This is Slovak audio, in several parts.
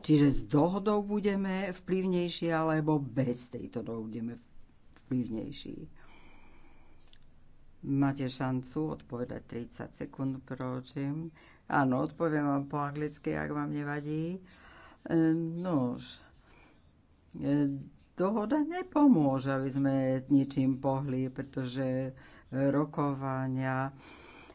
Čiže s dohodou budeme vplyvnejší, alebo bez tejto dohody budeme vplyvnejší. Máte šancu odpovedať 30 sekúnd, prosím. Áno, odpoviem vám po anglicky, ak vám nevadí. E, Nož, e, dohoda nepomôže, aby sme ničím pohli, pretože rokovania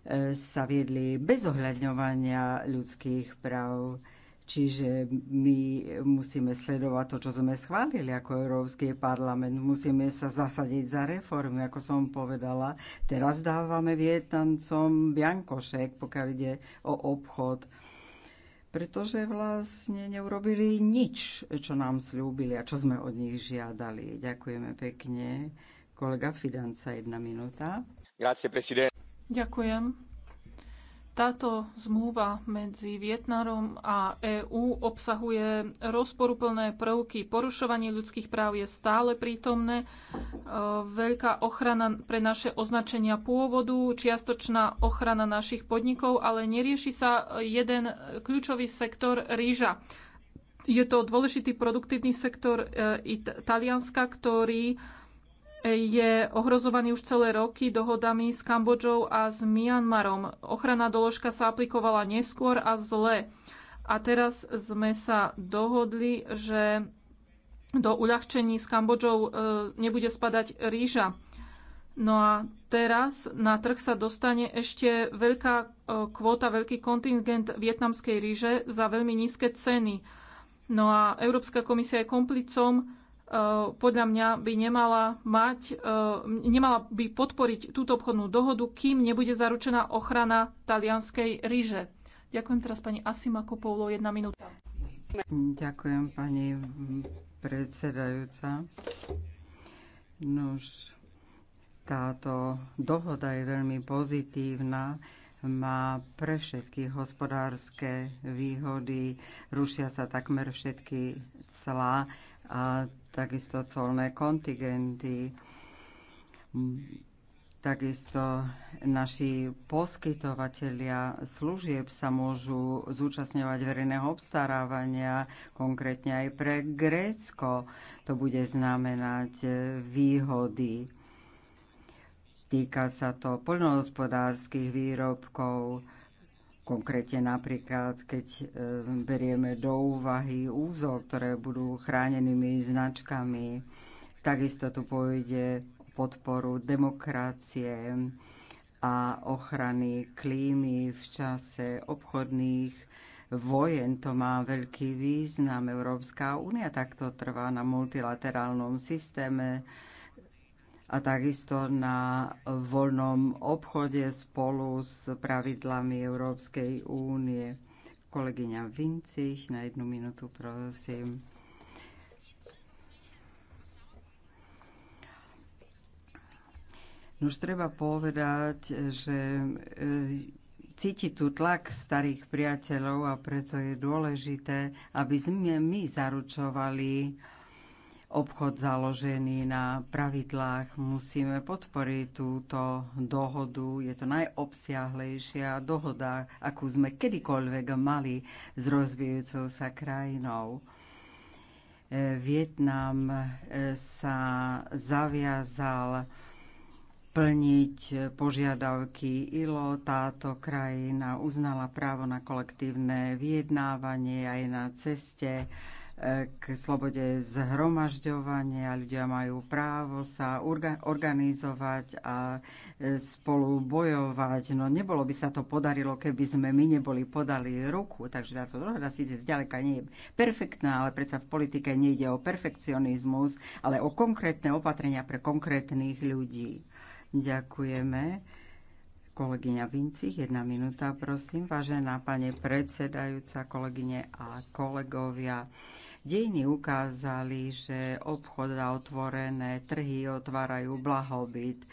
e, sa viedli bez ohľadňovania ľudských práv. Čiže my musíme sledovať to, čo sme schválili ako Európsky parlament. Musíme sa zasadiť za reformy, ako som povedala. Teraz dávame Vietnancom biankošek, pokiaľ ide o obchod. Pretože vlastne neurobili nič, čo nám slúbili a čo sme od nich žiadali. Ďakujeme pekne. Kolega Fidanca, jedna minúta. Grazie, Ďakujem. Táto zmluva medzi Vietnamom a EÚ obsahuje rozporuplné prvky. Porušovanie ľudských práv je stále prítomné. E, veľká ochrana pre naše označenia pôvodu, čiastočná ochrana našich podnikov, ale nerieši sa jeden kľúčový sektor rýža. Je to dôležitý produktívny sektor e, Talianska, ktorý je ohrozovaný už celé roky dohodami s Kambodžou a s Myanmarom. Ochranná doložka sa aplikovala neskôr a zle. A teraz sme sa dohodli, že do uľahčení s Kambodžou e, nebude spadať rýža. No a teraz na trh sa dostane ešte veľká e, kvóta, veľký kontingent vietnamskej ríže za veľmi nízke ceny. No a Európska komisia je komplicom Eh, podľa mňa by nemala, mať, eh, nemala by podporiť túto obchodnú dohodu, kým nebude zaručená ochrana talianskej ríže. Ďakujem teraz pani Asima Kopoulo, jedna minúta. Ďakujem pani predsedajúca. Nož, táto dohoda je veľmi pozitívna má pre všetky hospodárske výhody, rušia sa takmer všetky clá a takisto colné kontingenty, Takisto naši poskytovateľia služieb sa môžu zúčastňovať verejného obstarávania, konkrétne aj pre Grécko. To bude znamenať výhody. Týka sa to poľnohospodárskych výrobkov, Konkrétne napríklad, keď e, berieme do úvahy úzol, ktoré budú chránenými značkami, takisto tu pôjde podporu demokracie a ochrany klímy v čase obchodných vojen. To má veľký význam. Európska únia takto trvá na multilaterálnom systéme a takisto na voľnom obchode spolu s pravidlami Európskej únie. Kolegyňa Vincich, na jednu minútu prosím. Už treba povedať, že e, cíti tu tlak starých priateľov a preto je dôležité, aby sme my zaručovali obchod založený na pravidlách. Musíme podporiť túto dohodu. Je to najobsiahlejšia dohoda, akú sme kedykoľvek mali s rozvíjajúcou sa krajinou. E, Vietnam e, sa zaviazal plniť požiadavky ILO. Táto krajina uznala právo na kolektívne vyjednávanie aj na ceste k slobode zhromažďovania. Ľudia majú právo sa organizovať a e, spolu bojovať. No nebolo by sa to podarilo, keby sme my neboli podali ruku. Takže táto dohoda síce zďaleka nie je perfektná, ale predsa v politike nejde o perfekcionizmus, ale o konkrétne opatrenia pre konkrétnych ľudí. Ďakujeme. Kolegyňa Vincich, jedna minúta, prosím. Vážená pani predsedajúca, kolegyne a kolegovia, Dejiny ukázali, že obchod a otvorené trhy otvárajú blahobyt.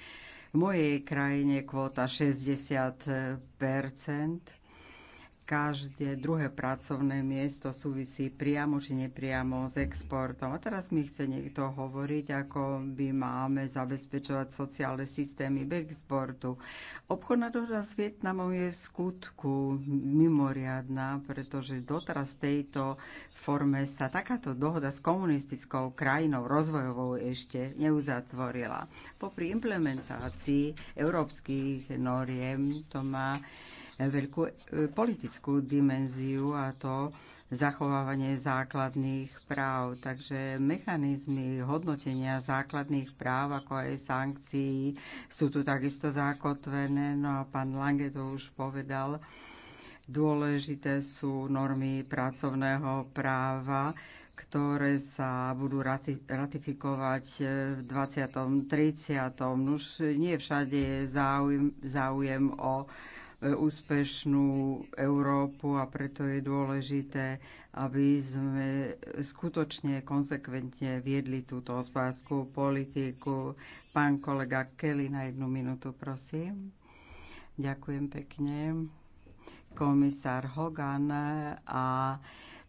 V mojej krajine kvóta 60 každé druhé pracovné miesto súvisí priamo či nepriamo s exportom. A teraz mi chce niekto hovoriť, ako by máme zabezpečovať sociálne systémy bez exportu. Obchodná dohoda s Vietnamom je v skutku mimoriadná, pretože doteraz v tejto forme sa takáto dohoda s komunistickou krajinou rozvojovou ešte neuzatvorila. Popri implementácii európskych noriem to má veľkú e, politickú dimenziu a to zachovávanie základných práv. Takže mechanizmy hodnotenia základných práv, ako aj sankcií, sú tu takisto zakotvené. No a pán Lange to už povedal. Dôležité sú normy pracovného práva, ktoré sa budú ratifikovať e, v 20. 30. Už nie všade je záujem, záujem o úspešnú Európu a preto je dôležité, aby sme skutočne konsekventne viedli túto hospodárskú politiku. Pán kolega Kelly na jednu minútu, prosím. Ďakujem pekne. Komisár Hogan a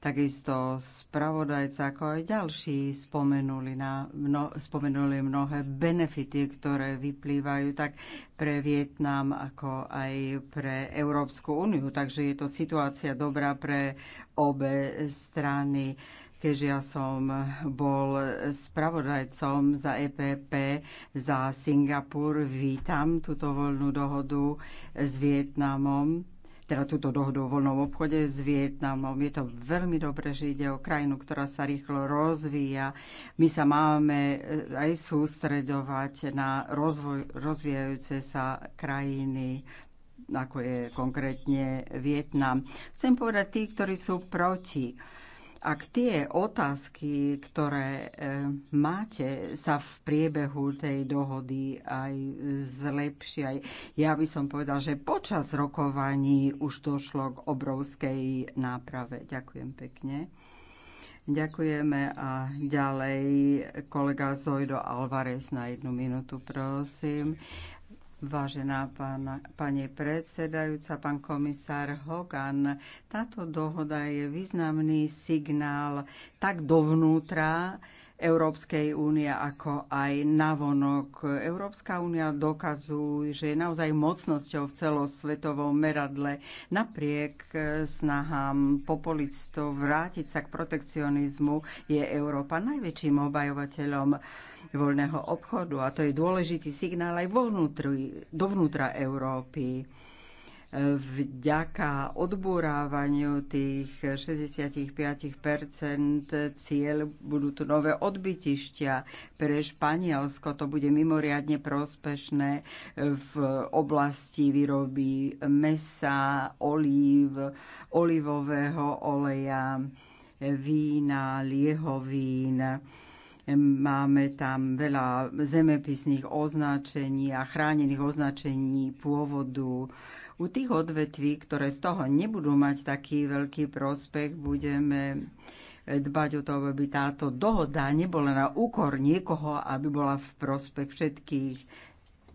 Takisto spravodajca, ako aj ďalší, spomenuli, na, mno, spomenuli mnohé benefity, ktoré vyplývajú tak pre Vietnam, ako aj pre Európsku úniu. Takže je to situácia dobrá pre obe strany keďže ja som bol spravodajcom za EPP za Singapur. Vítam túto voľnú dohodu s Vietnamom teda túto dohodu o voľnom obchode s Vietnamom. Je to veľmi dobré, že ide o krajinu, ktorá sa rýchlo rozvíja. My sa máme eh, aj sústredovať na rozvoj, rozvíjajúce sa krajiny ako je konkrétne Vietnam. Chcem povedať tí, ktorí sú proti ak tie otázky, ktoré e, máte, sa v priebehu tej dohody aj zlepšia, ja by som povedal, že počas rokovaní už došlo k obrovskej náprave. Ďakujem pekne. Ďakujeme a ďalej kolega Zojdo Alvarez na jednu minútu, prosím. Vážená pána, pani predsedajúca, pán komisár Hogan, táto dohoda je významný signál tak dovnútra, Európskej únie, ako aj navonok. Európska únia dokazuje, že je naozaj mocnosťou v celosvetovom meradle. Napriek eh, snahám populistov vrátiť sa k protekcionizmu je Európa najväčším obajovateľom voľného obchodu a to je dôležitý signál aj vo vnútri, dovnútra Európy vďaka odborávaniu tých 65% cieľ budú tu nové odbytištia. Pre Španielsko to bude mimoriadne prospešné v oblasti výroby mesa, olív, olivového oleja, vína, liehovín máme tam veľa zemepisných označení a chránených označení pôvodu u tých odvetví, ktoré z toho nebudú mať taký veľký prospech, budeme dbať o to, aby táto dohoda nebola na úkor niekoho, aby bola v prospech všetkých.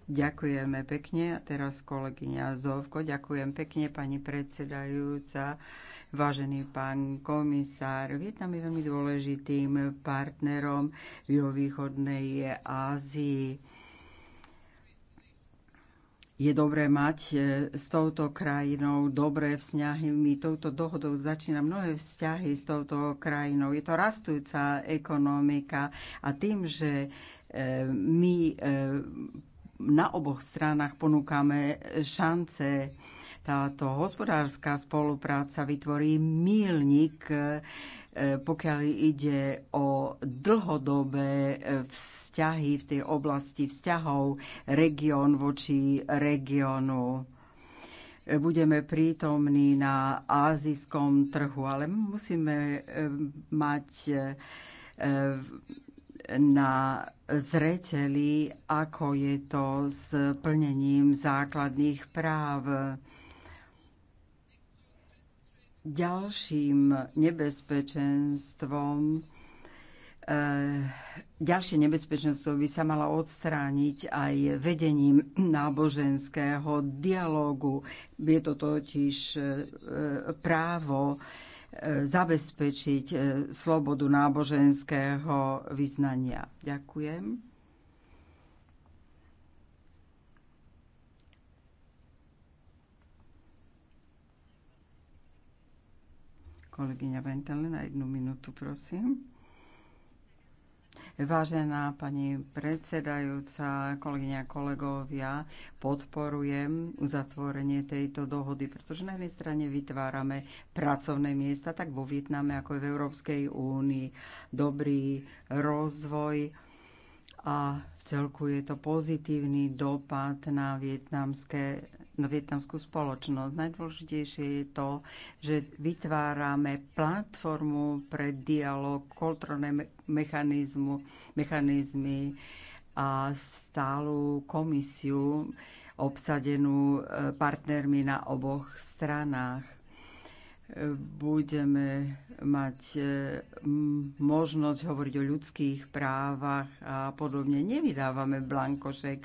Ďakujeme pekne. A teraz kolegyňa Zovko, ďakujem pekne pani predsedajúca. Vážený pán komisár, Vietnam je veľmi dôležitým partnerom v juhovýchodnej Ázii je dobré mať e, s touto krajinou dobré vzťahy. My touto dohodou začína mnohé vzťahy s touto krajinou. Je to rastúca ekonomika a tým, že e, my e, na oboch stranách ponúkame šance, táto hospodárska spolupráca vytvorí milník E, pokiaľ ide o dlhodobé e, vzťahy v tej oblasti vzťahov región voči regiónu. E, budeme prítomní na azijskom trhu, ale musíme mať na zreteli, ako je to s plnením základných práv. Ďalším nebezpečenstvom eh, ďalšie nebezpečenstvo by sa mala odstrániť aj vedením náboženského dialógu. Je to totiž eh, právo eh, zabezpečiť slobodu náboženského vyznania. Ďakujem. Kolegyňa Ventele na jednu minútu, prosím. Vážená pani predsedajúca, kolegyňa kolegovia, podporujem uzatvorenie tejto dohody, pretože na jednej strane vytvárame pracovné miesta, tak vo Vietname ako aj v Európskej únii. Dobrý rozvoj a celku je to pozitívny dopad na, na vietnamskú spoločnosť. Najdôležitejšie je to, že vytvárame platformu pre dialog, kontrolné mechanizmu, mechanizmy a stálu komisiu obsadenú e, partnermi na oboch stranách budeme mať e, možnosť hovoriť o ľudských právach a podobne. Nevydávame blankošek.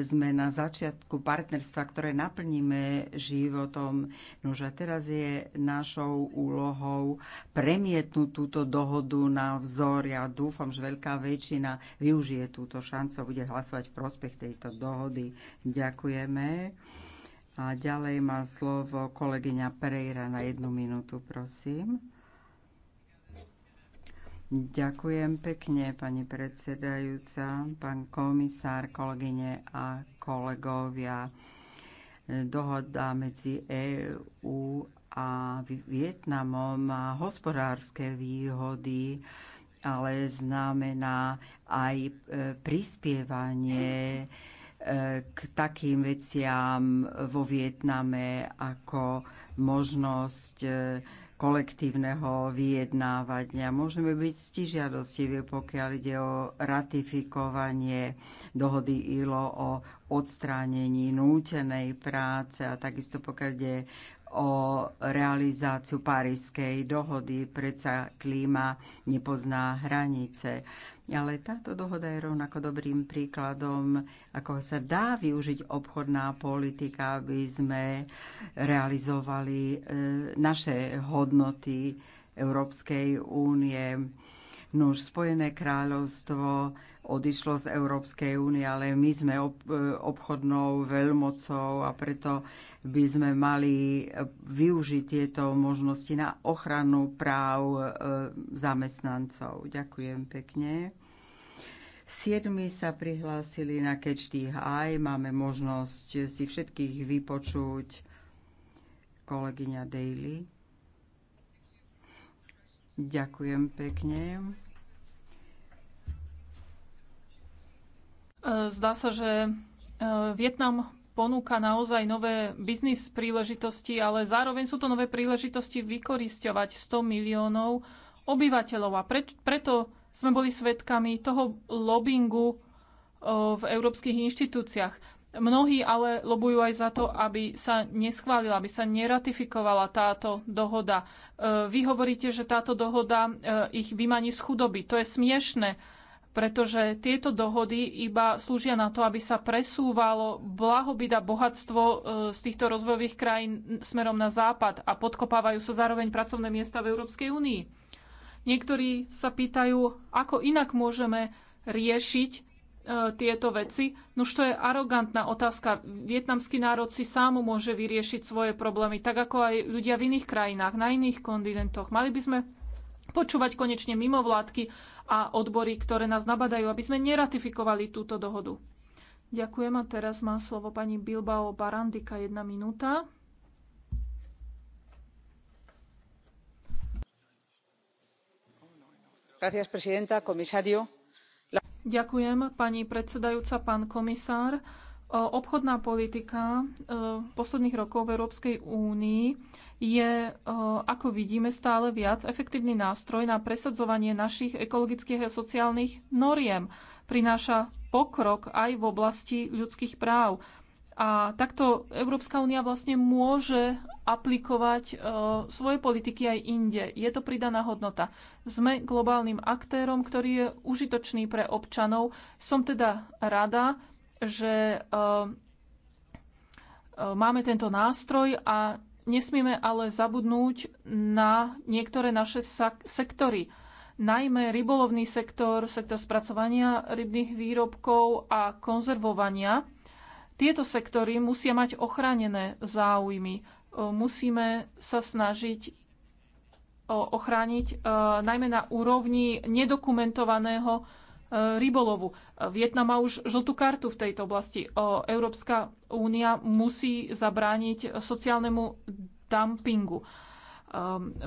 Sme na začiatku partnerstva, ktoré naplníme životom. Nože teraz je našou úlohou premietnúť túto dohodu na vzor. Ja dúfam, že veľká väčšina využije túto šancu a bude hlasovať v prospech tejto dohody. Ďakujeme. A ďalej má slovo kolegyňa Pereira na jednu minútu, prosím. Ďakujem pekne, pani predsedajúca, pán komisár, kolegyne a kolegovia. Dohoda medzi EÚ a Vietnamom má hospodárske výhody, ale znamená aj e, prispievanie k takým veciam vo Vietname ako možnosť e, kolektívneho vyjednávania. Môžeme byť stižiadostiví, pokiaľ ide o ratifikovanie dohody ILO o odstránení nútenej práce a takisto pokiaľ ide o realizáciu Parískej dohody. Predsa klíma nepozná hranice. Ale táto dohoda je rovnako dobrým príkladom, ako sa dá využiť obchodná politika, aby sme realizovali e, naše hodnoty Európskej únie. Nuž Spojené kráľovstvo odišlo z Európskej únie, ale my sme e, obchodnou veľmocou a preto by sme mali e, využiť tieto možnosti na ochranu práv e, zamestnancov. Ďakujem pekne. Siedmi sa prihlásili na Catch the High. Máme možnosť si všetkých vypočuť. Kolegyňa Daly. Ďakujem pekne. E, zdá sa, že e, Vietnam ponúka naozaj nové biznis príležitosti, ale zároveň sú to nové príležitosti vykoristovať 100 miliónov obyvateľov. A pre, preto sme boli svedkami toho lobbingu o, e, v európskych inštitúciách. Mnohí ale lobujú aj za to, aby sa neschválila, aby sa neratifikovala táto dohoda. E, vy hovoríte, že táto dohoda e, ich vymaní z chudoby. To je smiešne pretože tieto dohody iba slúžia na to, aby sa presúvalo blahobyt a bohatstvo e, z týchto rozvojových krajín smerom na západ a podkopávajú sa zároveň pracovné miesta v Európskej únii. Niektorí sa pýtajú, ako inak môžeme riešiť e, tieto veci. No to je arogantná otázka. Vietnamský národ si sám môže vyriešiť svoje problémy, tak ako aj ľudia v iných krajinách, na iných kontinentoch. Mali by sme počúvať konečne mimovládky a odbory, ktoré nás nabadajú, aby sme neratifikovali túto dohodu. Ďakujem a teraz má slovo pani Bilbao Barandika, jedna minúta. Ďakujem, pani predsedajúca, pán komisár Obchodná politika e, posledných rokov v Európskej únii je, e, ako vidíme, stále viac efektívny nástroj na presadzovanie našich ekologických a sociálnych noriem. Prináša pokrok aj v oblasti ľudských práv. A takto Európska únia vlastne môže aplikovať e, svoje politiky aj inde. Je to pridaná hodnota. Sme globálnym aktérom, ktorý je užitočný pre občanov. Som teda rada, že e, e, máme tento nástroj a nesmieme ale zabudnúť na niektoré naše sektory najmä rybolovný sektor, sektor spracovania rybných výrobkov a konzervovania. Tieto sektory musia mať ochránené záujmy. E, musíme sa snažiť ochrániť najmä na úrovni nedokumentovaného E, rybolovu. Vietnam má už žltú kartu v tejto oblasti. Európska únia musí zabrániť sociálnemu dumpingu e,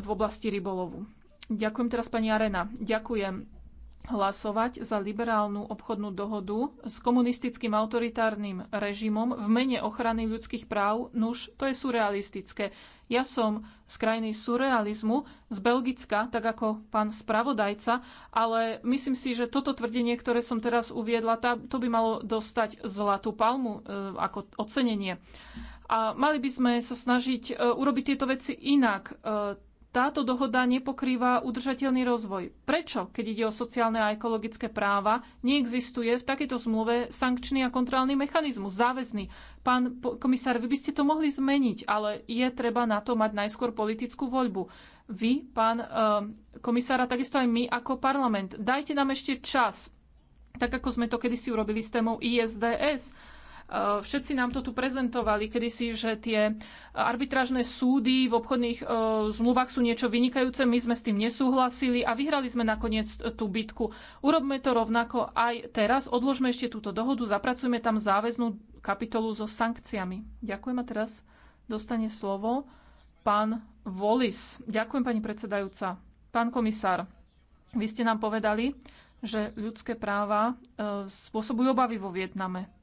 v oblasti rybolovu. Ďakujem teraz pani Arena. Ďakujem hlasovať za liberálnu obchodnú dohodu s komunistickým autoritárnym režimom v mene ochrany ľudských práv, nuž to je surrealistické. Ja som z krajiny surrealizmu, z Belgicka, tak ako pán spravodajca, ale myslím si, že toto tvrdenie, ktoré som teraz uviedla, to by malo dostať zlatú palmu e, ako ocenenie. A mali by sme sa snažiť e, urobiť tieto veci inak e, táto dohoda nepokrýva udržateľný rozvoj. Prečo, keď ide o sociálne a ekologické práva, neexistuje v takejto zmluve sankčný a kontrolný mechanizmus, záväzný? Pán komisár, vy by ste to mohli zmeniť, ale je treba na to mať najskôr politickú voľbu. Vy, pán eh, komisára, takisto aj my ako parlament, dajte nám ešte čas, tak ako sme to kedysi urobili s témou ISDS Eh, všetci nám to tu prezentovali kedysi, že tie arbitrážne súdy v obchodných eh, zmluvách sú niečo vynikajúce, my sme s tým nesúhlasili a vyhrali sme nakoniec tú bitku. Urobme to rovnako aj teraz, odložme ešte túto dohodu, zapracujme tam záväznú kapitolu so sankciami. Ďakujem a teraz dostane slovo pán Volis. Ďakujem, pani predsedajúca. Pán komisár, vy ste nám povedali, že ľudské práva eh, spôsobujú obavy vo Vietname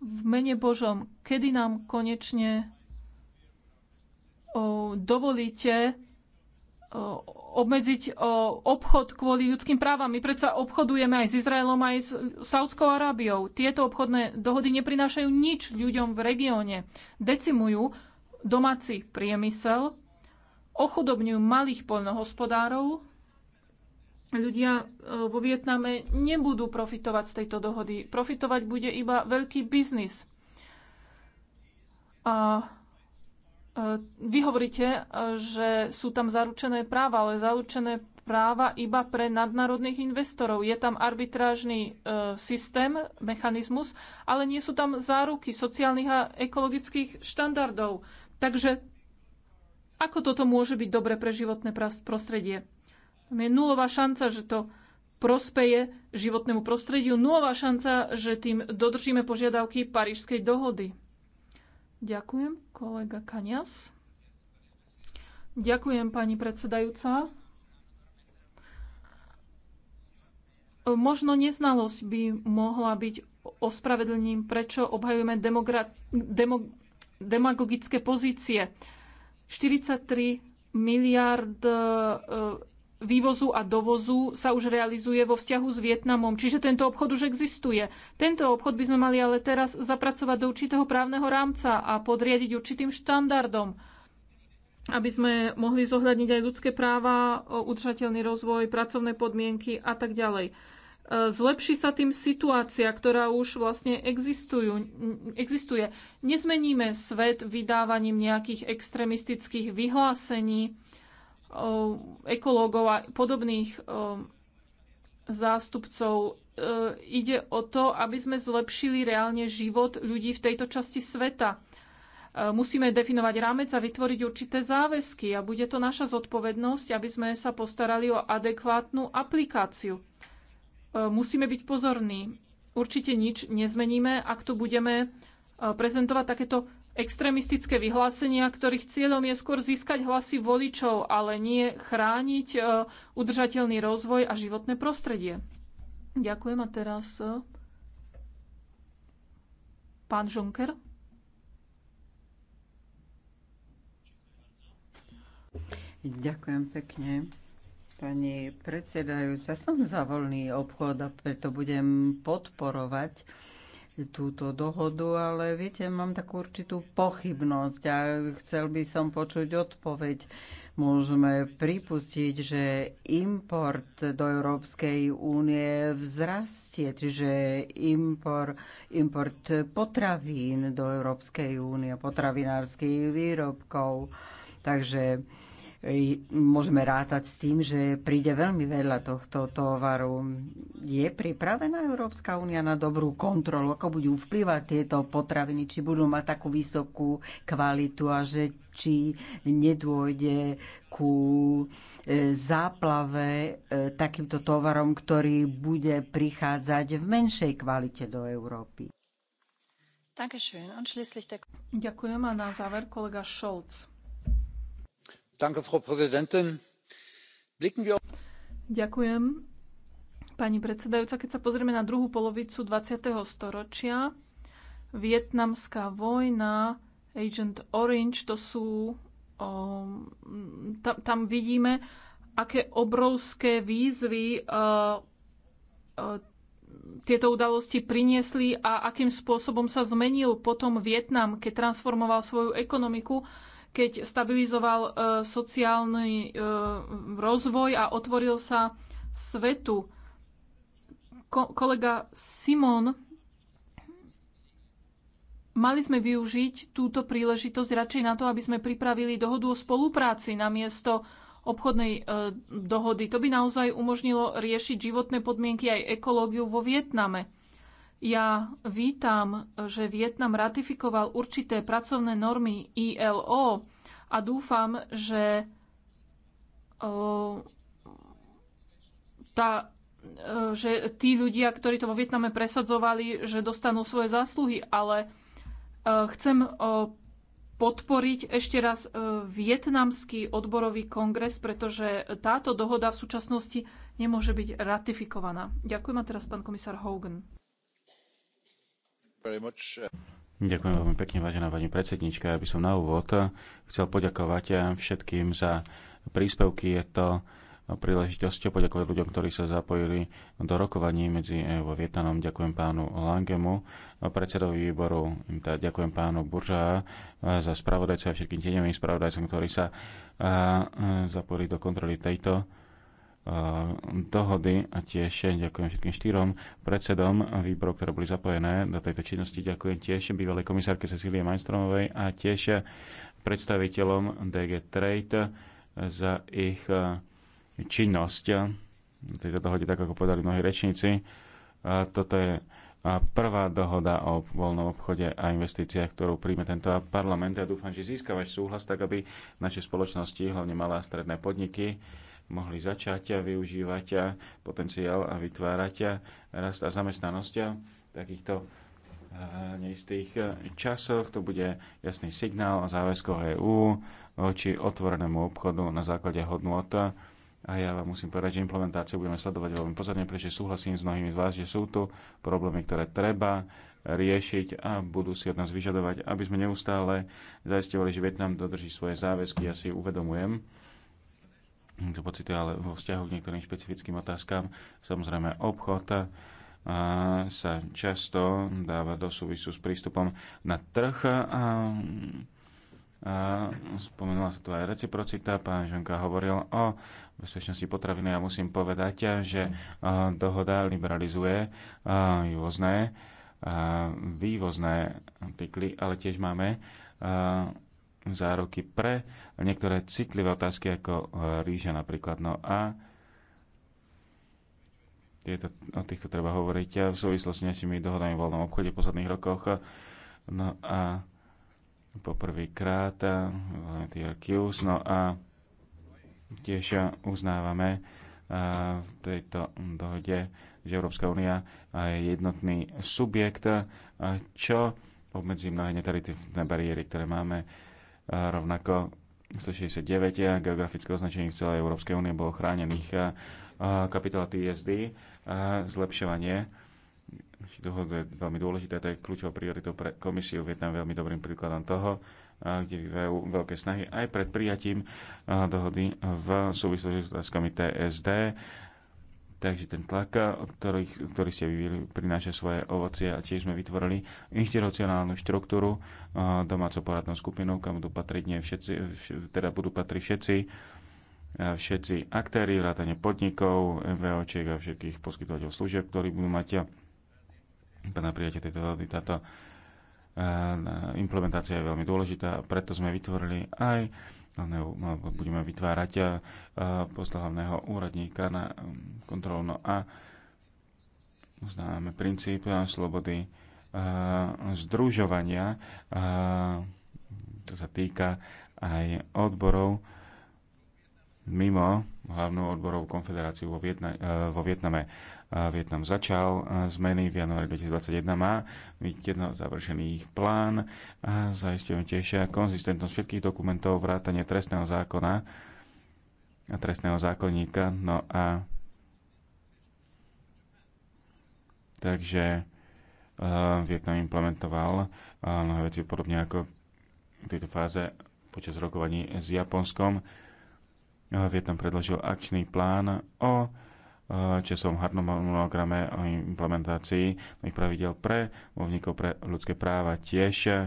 v mene Božom, kedy nám konečne dovolíte obmedziť obchod kvôli ľudským právam. My predsa obchodujeme aj s Izraelom, aj s Saudskou Arábiou. Tieto obchodné dohody neprinášajú nič ľuďom v regióne. Decimujú domáci priemysel, ochudobňujú malých poľnohospodárov ľudia e, vo Vietname nebudú profitovať z tejto dohody. Profitovať bude iba veľký biznis. A e, vy hovoríte, e, že sú tam zaručené práva, ale zaručené práva iba pre nadnárodných investorov. Je tam arbitrážny systém, mechanizmus, ale nie sú tam záruky sociálnych a ekologických štandardov. Takže ako toto môže byť dobre pre životné prostredie? Tam je nulová šanca, že to prospeje životnému prostrediu, nulová šanca, že tým dodržíme požiadavky Parížskej dohody. Ďakujem, kolega Kanias. Ďakujem, pani predsedajúca. Možno neznalosť by mohla byť ospravedlním, prečo obhajujeme demogra- demo- demagogické pozície. 43 miliard e, vývozu a dovozu sa už realizuje vo vzťahu s Vietnamom. Čiže tento obchod už existuje. Tento obchod by sme mali ale teraz zapracovať do určitého právneho rámca a podriadiť určitým štandardom, aby sme mohli zohľadniť aj ľudské práva, udržateľný rozvoj, pracovné podmienky a tak ďalej. E, zlepší sa tým situácia, ktorá už vlastne existujú, existuje. Nezmeníme svet vydávaním nejakých extremistických vyhlásení, Eh, ekológov a podobných eh, zástupcov. Eh, ide o to, aby sme zlepšili reálne život ľudí v tejto časti sveta. Musíme definovať rámec a vytvoriť určité záväzky a bude to naša zodpovednosť, aby sme sa postarali o adekvátnu aplikáciu. Musíme byť pozorní. Určite nič nezmeníme, ak tu budeme prezentovať takéto extrémistické vyhlásenia, ktorých cieľom je skôr získať hlasy voličov, ale nie chrániť e, udržateľný rozvoj a životné prostredie. Ďakujem a teraz e, pán Žunker. Ďakujem pekne. Pani predsedajúca, som za voľný obchod a preto budem podporovať túto dohodu, ale viete, mám takú určitú pochybnosť a chcel by som počuť odpoveď. Môžeme pripustiť, že import do Európskej únie vzrastie, čiže import, import potravín do Európskej únie, potravinárskych výrobkov. Takže môžeme rátať s tým, že príde veľmi veľa tohto tovaru. Je pripravená Európska únia na dobrú kontrolu, ako budú vplyvať tieto potraviny, či budú mať takú vysokú kvalitu a že či nedôjde ku e, záplave e, takýmto tovarom, ktorý bude prichádzať v menšej kvalite do Európy. Ďakujem a na záver kolega Scholz. Ďakujem. Pani predsedajúca, keď sa pozrieme na druhú polovicu 20. storočia, Vietnamská vojna, Agent Orange, to sú... Um, tam, tam vidíme, aké obrovské výzvy uh, uh, tieto udalosti priniesli a akým spôsobom sa zmenil potom Vietnam, keď transformoval svoju ekonomiku keď stabilizoval e, sociálny e, rozvoj a otvoril sa svetu. Ko kolega Simon, mali sme využiť túto príležitosť radšej na to, aby sme pripravili dohodu o spolupráci namiesto obchodnej e, dohody. To by naozaj umožnilo riešiť životné podmienky aj ekológiu vo Vietname. Ja vítam, že Vietnam ratifikoval určité pracovné normy ILO a dúfam, že tá, e, že tí ľudia, ktorí to vo Vietname presadzovali, že dostanú svoje zásluhy, ale e, chcem podporiť ešte raz e, Vietnamský odborový kongres, pretože táto dohoda v súčasnosti nemôže byť ratifikovaná. Ďakujem a teraz pán komisár Hogan. Uh, ďakujem veľmi pekne, vážená pani predsednička. Ja by som na úvod chcel poďakovať eh, všetkým za príspevky. Je to príležitosť poďakovať ľuďom, ktorí sa zapojili do rokovaní medzi EU a Vietnamom. Ďakujem pánu Langemu, predsedovi výboru. Teda ďakujem pánu Burža eh, za spravodajca a všetkým tieňovým spravodajcom, ktorí sa eh, zapojili do kontroly tejto dohody a tiež ďakujem všetkým štyrom predsedom výborov, ktoré boli zapojené do tejto činnosti. Ďakujem tiež bývalej komisárke Cecílie Majstromovej a tiež predstaviteľom DG Trade za ich činnosť v tejto dohode, tak ako povedali mnohí rečníci. A toto je prvá dohoda o voľnom obchode a investíciách, ktorú príjme tento parlament. Ja dúfam, že získavaš súhlas, tak aby naše spoločnosti, hlavne malé a stredné podniky, mohli začať a využívať a potenciál a vytvárať a rast a zamestnanosť a takýchto eh, neistých eh, časoch. To bude jasný signál o záväzkoch EÚ voči otvorenému obchodu na základe hodnot. A ja vám musím povedať, že implementáciu budeme sledovať veľmi pozorne, pretože súhlasím s mnohými z vás, že sú tu problémy, ktoré treba riešiť a budú si od nás vyžadovať, aby sme neustále zaistovali, že Vietnam dodrží svoje záväzky. Ja si uvedomujem, to pocity, ale vo vzťahu k niektorým špecifickým otázkam. Samozrejme, obchod sa často dáva do súvisu s prístupom na trh a, a spomenula sa tu aj reciprocita. Pán Žanka hovoril o bezpečnosti potraviny. Ja musím povedať, že dohoda liberalizuje rôzne vývozné artikly, ale tiež máme záruky pre niektoré citlivé otázky ako e, ríža napríklad. No a tieto, o týchto treba hovoriť a v súvislosti s našimi dohodami v voľnom obchode v posledných rokoch. No a poprvýkrát e, TRQs, no a tiež uznávame e, v tejto dohode, že Európska únia je jednotný subjekt, čo obmedzí mnohé netaritívne bariéry, ktoré máme rovnako 169 geografické označenie v celej Európskej únie bolo chránených kapitola TSD. Zlepšovanie dohodu je veľmi dôležité, to je kľúčovou prioritou pre komisiu. Vietnam veľmi dobrým príkladom toho, kde vyvajú veľké snahy aj pred prijatím dohody v súvislosti s otázkami TSD Takže ten tlak, eh, ktorý, ktorý ste vyvili prináša svoje ovocie a tiež sme vytvorili inštitucionálnu štruktúru, eh, domácu poradnú skupinu, kam budú patriť nie všetci, teda budú patriť všetci, eh, všetci aktéry, vrátane podnikov, MVOčiek a všetkých poskytovateľov služieb, ktorí budú mať na prijatie tejto dohody. Táto implementácia je veľmi dôležitá preto sme vytvorili aj budeme vytvárať posla hlavného úradníka na um, kontrolno a uznáme princíp slobody združovania. To sa týka aj odborov mimo hlavnú odborovú konfederáciu vo, Vietna, vo Vietname. Vietnam začal e, zmeny v januári 2021, má jedno ich plán a zaistujem tiež konzistentnosť všetkých dokumentov vrátanie trestného zákona a trestného zákonníka. No a takže e, Vietnam implementoval e, mnohé veci podobne ako v tejto fáze počas rokovaní s Japonskom. Vietnam predložil akčný plán o časovom harmonograme o implementácii nových pravidel pre vovníkov pre ľudské práva. Tiež eh,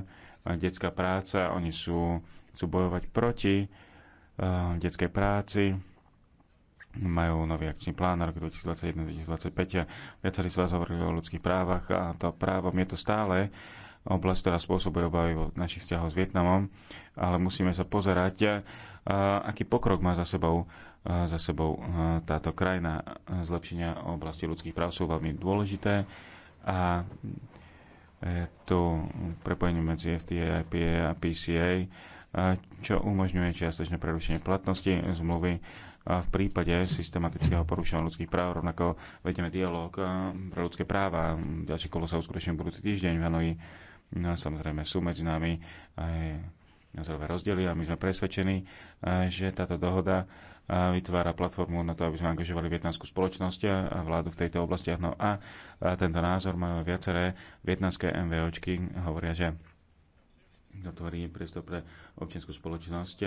detská práca, oni sú, sú bojovať proti uh, detskej práci, majú nový akčný plán na rok 2021-2025. Viacerí z vás hovorili o ľudských právach a to právom je to stále oblasť, ktorá spôsobuje obavy v našich vzťahov s Vietnamom, ale musíme sa pozerať eh, aký pokrok má za sebou, za sebou táto krajina. Zlepšenia oblasti ľudských práv sú veľmi dôležité a e, to prepojenie medzi FTA, IPA a PCA, čo umožňuje čiastočné prerušenie platnosti zmluvy v prípade systematického porušenia ľudských práv. Rovnako vedeme dialog pre ľudské práva. Ďalšie kolo sa uskutočne budúci týždeň v Hanoji. No, samozrejme sú medzi nami aj názorové rozdiely a my sme presvedčení, eh, že táto dohoda eh, vytvára platformu na to, aby sme angažovali vietnamskú spoločnosť a vládu v tejto oblasti. No a tento názor majú viaceré vietnamské MVOčky, hovoria, že otvorí priestor pre občianskú spoločnosť.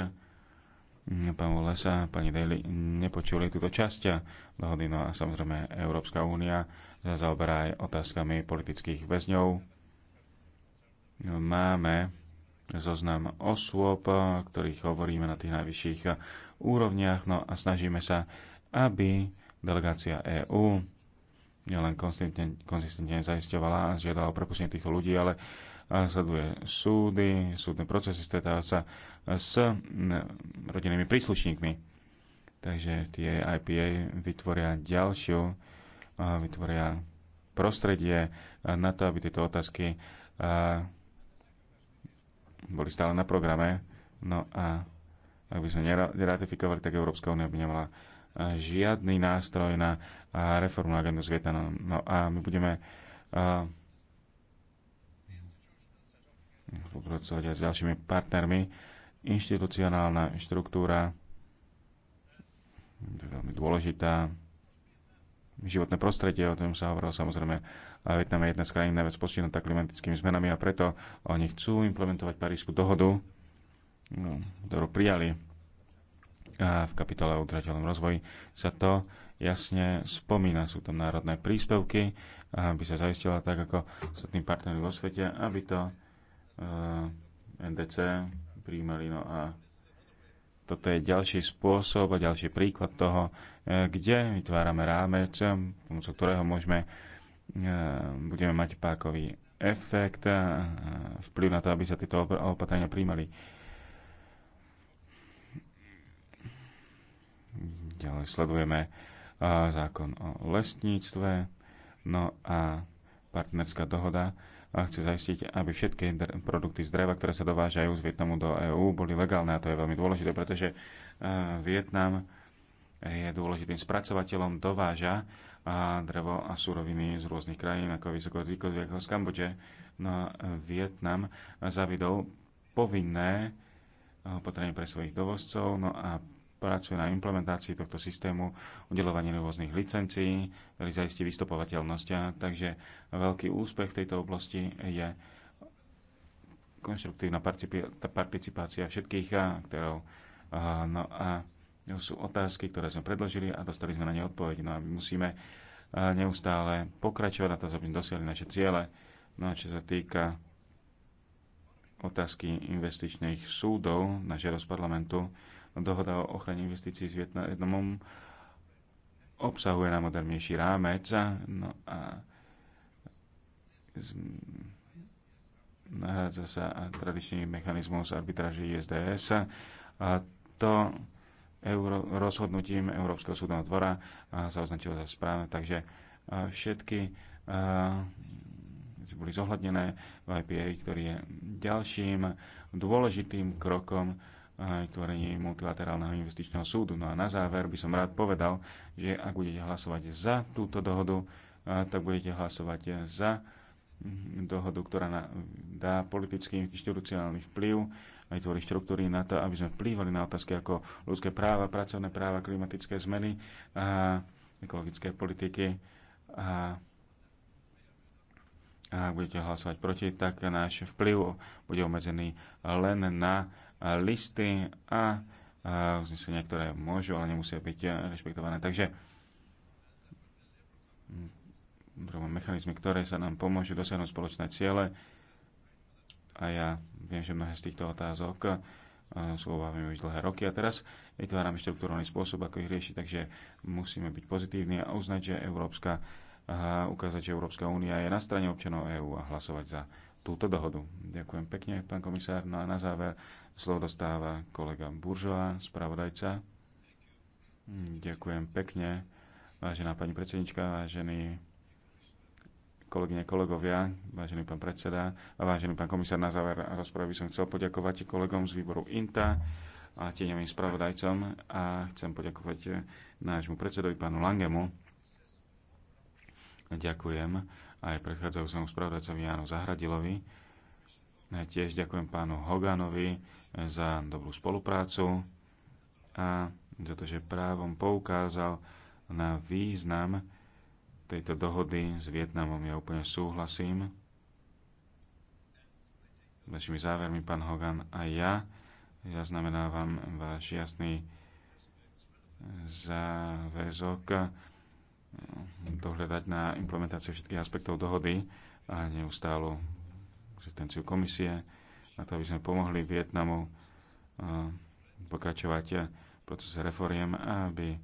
Pán Volesa, pani Daly nepočuli túto časť dohody, no a samozrejme Európska únia zaoberá aj otázkami politických väzňov. Máme zoznam osôb, o ktorých hovoríme na tých najvyšších úrovniach. No a snažíme sa, aby delegácia EÚ nielen konzistentne, zaisťovala a žiadala o prepustenie týchto ľudí, ale sleduje súdy, súdne procesy, stretáva sa s rodinnými príslušníkmi. Takže tie IPA vytvoria ďalšiu, vytvoria prostredie na to, aby tieto otázky boli stále na programe. No a ak by sme neratifikovali, tak Európska únia by nemala eh, žiadny nástroj na eh, reformnú agendu s Vietnamom. No a my budeme eh, spolupracovať aj s ďalšími partnermi. Inštitucionálna štruktúra je veľmi dôležitá. Životné prostredie, o tom sa hovorilo samozrejme a Vietnam je jedna z krajín najviac postihnutá klimatickými zmenami a preto oni chcú implementovať Parížskú dohodu, no, ktorú prijali a v kapitole o udržateľnom rozvoji sa to jasne spomína. Sú tam národné príspevky, aby sa zaistila tak, ako ostatní partnery vo svete, aby to uh, eh, NDC príjmali. No a toto je ďalší spôsob a ďalší príklad toho, eh, kde vytvárame rámec, pomocou ktorého môžeme E, budeme mať pákový efekt, e, vplyv na to, aby sa tieto opatrenia príjmali. Ďalej sledujeme e, zákon o lesníctve, no a partnerská dohoda a chce zaistiť, aby všetky produkty z dreva, ktoré sa dovážajú z Vietnamu do EÚ, boli legálne a to je veľmi dôležité, pretože Vietnam je dôležitým spracovateľom, dováža a drevo a suroviny z rôznych krajín, ako vysoko ako z Kambodže. No Vietnam zavidol povinné eh, opatrenie pre svojich dovozcov, no a pracuje na implementácii tohto systému, udelovanie rôznych licencií, ktorý zaistí vystupovateľnosť. Takže veľký úspech v tejto oblasti je konštruktívna participácia všetkých eh, ktorou, eh, No a sú otázky, ktoré sme predložili a dostali sme na ne odpoveď. No a my musíme neustále pokračovať na to, aby sme dosiahli naše ciele. No a čo sa týka otázky investičných súdov na žiadosť parlamentu, dohoda o ochrane investícií s Vietnamom obsahuje na modernejší rámec. No a nahrádza sa tradičný mechanizmus arbitráže ISDS. A to euro, rozhodnutím Európskeho súdneho dvora sa označilo za správne, takže e, všetky e, boli zohľadnené v IPA, ktorý je ďalším dôležitým krokom e, tvorení multilaterálneho investičného súdu. No a na záver by som rád povedal, že ak budete hlasovať za túto dohodu, tak budete hlasovať za dohodu, ktorá dá politický inštitucionálny vplyv vytvoriť štruktúry na to, aby sme vplývali na otázky ako ľudské práva, pracovné práva, klimatické zmeny, a ekologické politiky. A, a ak budete hlasovať proti, tak náš vplyv bude obmedzený len na listy a, uznesenia, ktoré môžu, ale nemusia byť rešpektované. Takže mm, mechanizmy, ktoré sa nám pomôžu dosiahnuť spoločné ciele, a ja viem, že mnohé z týchto otázok e, sú obávami už dlhé roky a teraz vytvárame štruktúrovaný spôsob, ako ich riešiť, takže musíme byť pozitívni a uznať, že Európska, uh, ukázať, že Európska únia je na strane občanov EÚ a hlasovať za túto dohodu. Ďakujem pekne, pán komisár. No a na záver slovo dostáva kolega Buržová, spravodajca. Hm, ďakujem pekne, vážená pani predsednička, vážení kolegyne, kolegovia, vážený pán predseda a vážený pán komisár, na záver rozpravy som chcel poďakovať kolegom z výboru INTA a tieňovým spravodajcom a chcem poďakovať nášmu predsedovi pánu Langemu. Ďakujem aj predchádzajúcemu spravodajcovi Jánu Zahradilovi. A tiež ďakujem pánu Hoganovi za dobrú spoluprácu a za to, že právom poukázal na význam tejto dohody s Vietnamom. Ja úplne súhlasím s vašimi závermi, pán Hogan, a ja. Ja znamenávam váš jasný záväzok eh, dohľadať na implementáciu všetkých aspektov dohody a neustálu existenciu komisie na to, aby sme pomohli Vietnamu eh, pokračovať v procese reforiem aby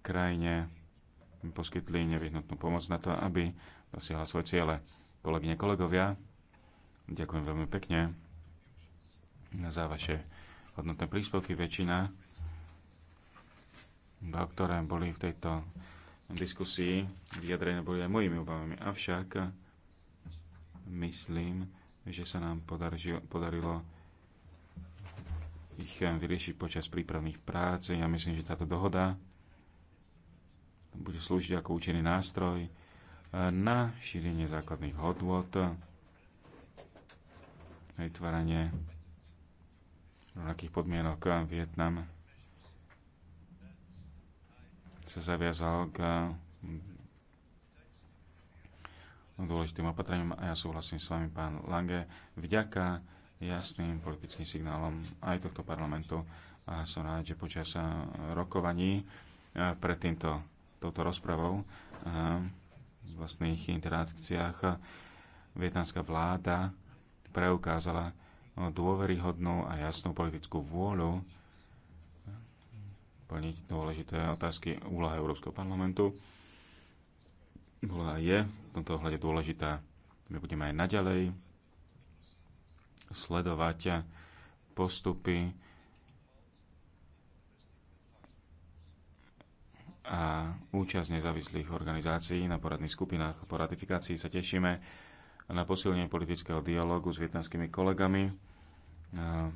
krajine poskytli nevyhnutnú pomoc na to, aby dosiahla svoje ciele. Kolegyne, kolegovia, ďakujem veľmi pekne za vaše hodnotné príspevky. Väčšina, ktoré boli v tejto diskusii vyjadrené, boli aj mojimi obavami. Avšak myslím, že sa nám podarilo, podarilo ich vyriešiť počas prípravných prác. Ja myslím, že táto dohoda bude slúžiť ako účinný nástroj e, na šírenie základných hodnôt, vytváranie rovnakých podmienok. Vietnam sa zaviazal k dôležitým opatrením a ja súhlasím s vami, pán Lange, vďaka jasným politickým signálom aj tohto parlamentu a som rád, že počas e, rokovaní e, pred týmto touto rozpravou v eh, vlastných interakciách vietnamská vláda preukázala dôveryhodnú a jasnú politickú vôľu plniť dôležité otázky úloha Európskeho parlamentu. Úloha je v tomto ohľade dôležitá. My budeme aj naďalej sledovať postupy a účasť nezávislých organizácií na poradných skupinách po ratifikácii sa tešíme na posilnenie politického dialogu s vietnamskými kolegami, a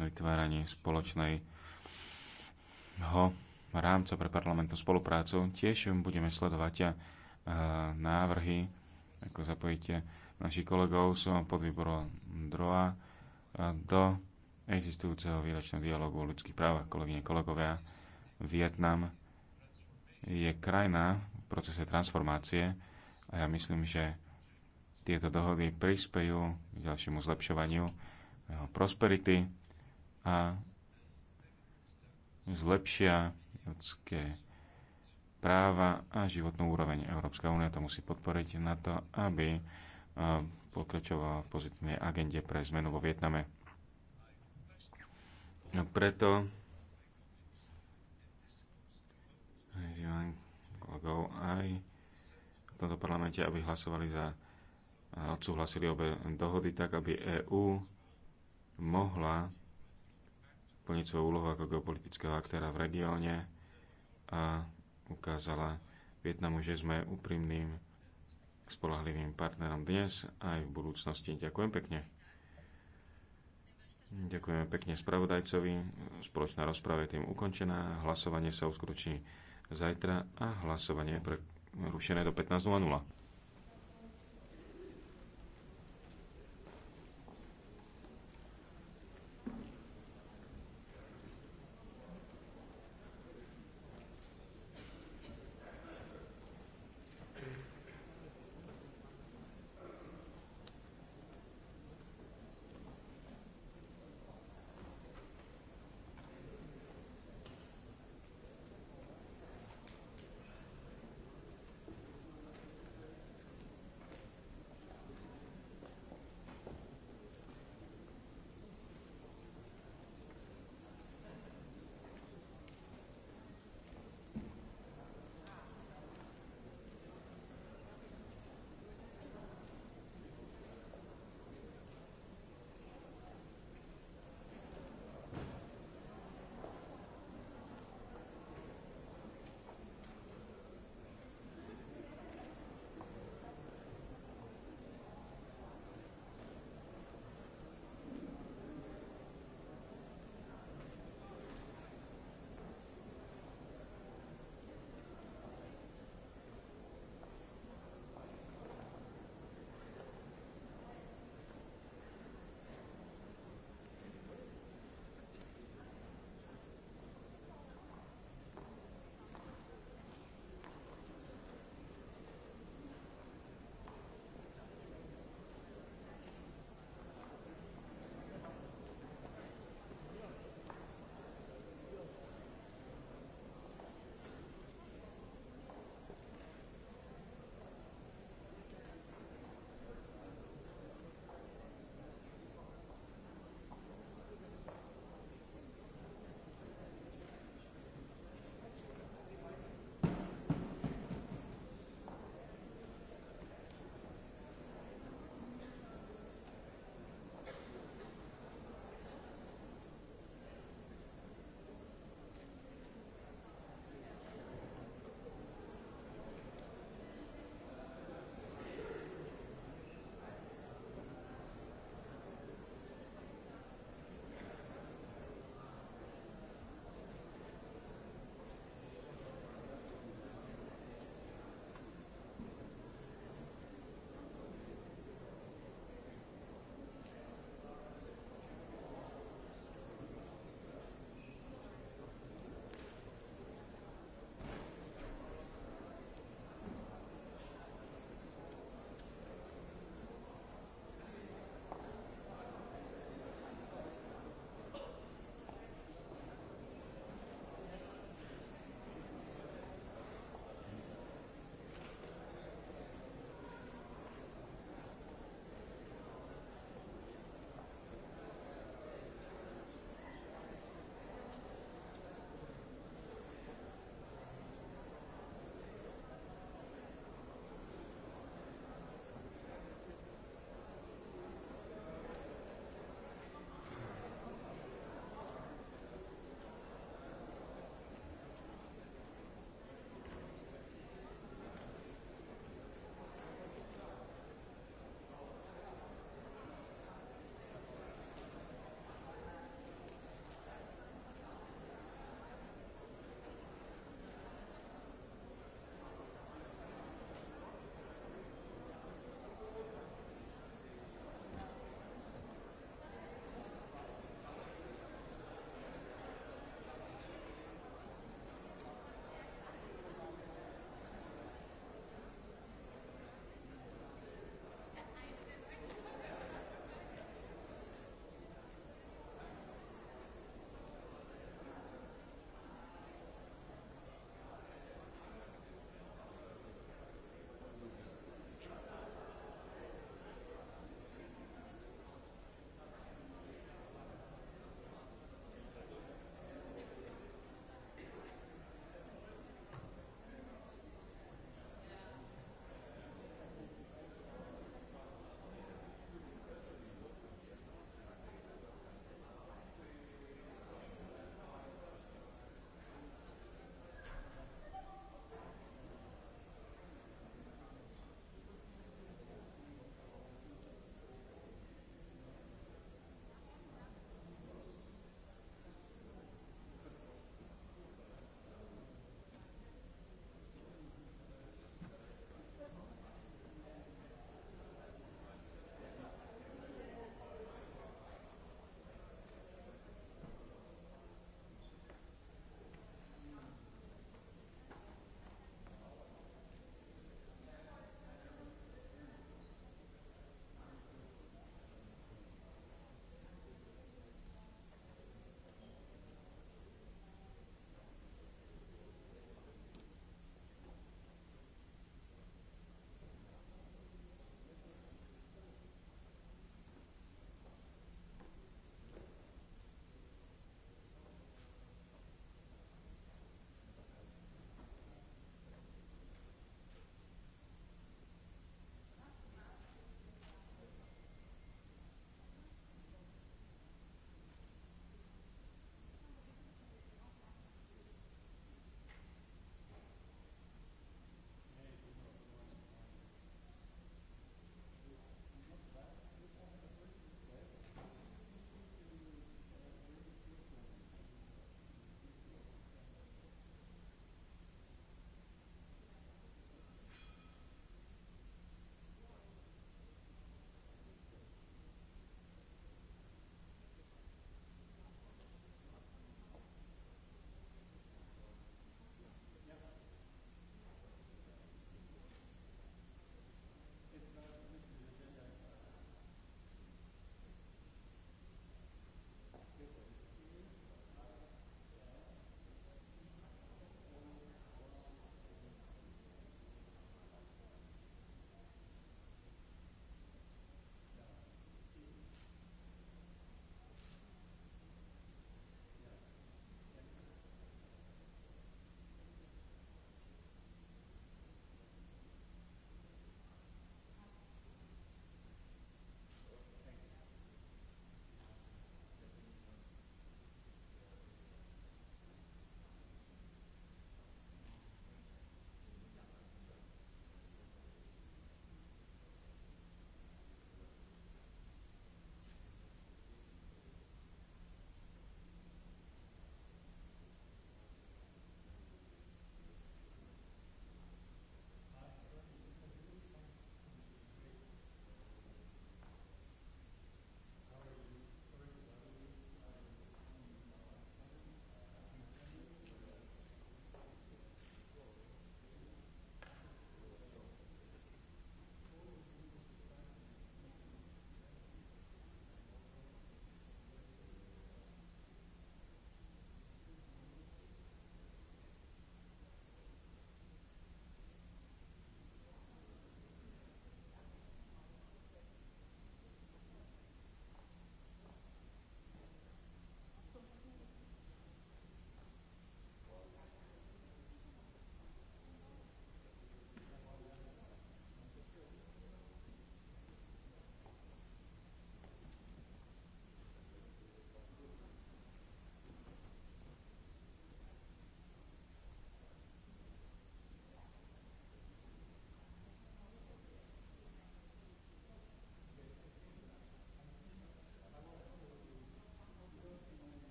vytváranie spoločnej ho rámca pre parlamentnú spoluprácu. Tiež budeme sledovať návrhy, ako zapojíte našich kolegov z podvýboru DROA do existujúceho výročného dialogu o ľudských právach, kolegyne, kolegovia. Vietnam je krajina v procese transformácie a ja myslím, že tieto dohody prispejú k ďalšiemu zlepšovaniu jeho prosperity a zlepšia ľudské práva a životnú úroveň. Európska únia to musí podporiť na to, aby e, pokračovala v pozitívnej agende pre zmenu vo Vietname. No preto Vyzývam kolegov aj v tomto parlamente, aby hlasovali za a odsúhlasili obe dohody tak, aby EÚ mohla plniť svoju úlohu ako geopolitického aktéra v regióne a ukázala Vietnamu, že sme úprimným spolahlivým partnerom dnes aj v budúcnosti. Ďakujem pekne. Ďakujeme pekne spravodajcovi. Spoločná rozprava je tým ukončená. Hlasovanie sa uskutoční zajtra a hlasovanie je prerušené do 15.00.